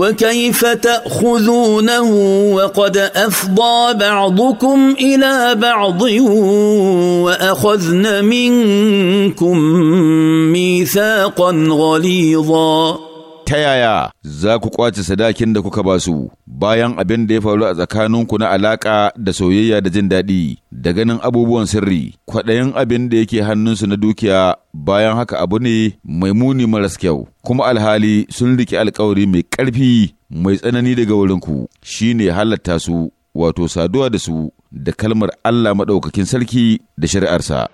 وكيف تاخذونه وقد افضى بعضكم الى بعض واخذن منكم ميثاقا غليظا ta yaya za ku ƙwace sadakin da kuka ba su bayan abin da ya faru a tsakaninku na alaƙa da soyayya da jin daɗi da ganin abubuwan sirri kwaɗayin abin da yake hannunsu na dukiya bayan haka abu ne mai muni maras kyau kuma alhali sun riƙe alkawari mai ƙarfi mai tsanani daga wurinku shine halatta su wato saduwa da su da kalmar Allah maɗaukakin sarki da shari'arsa.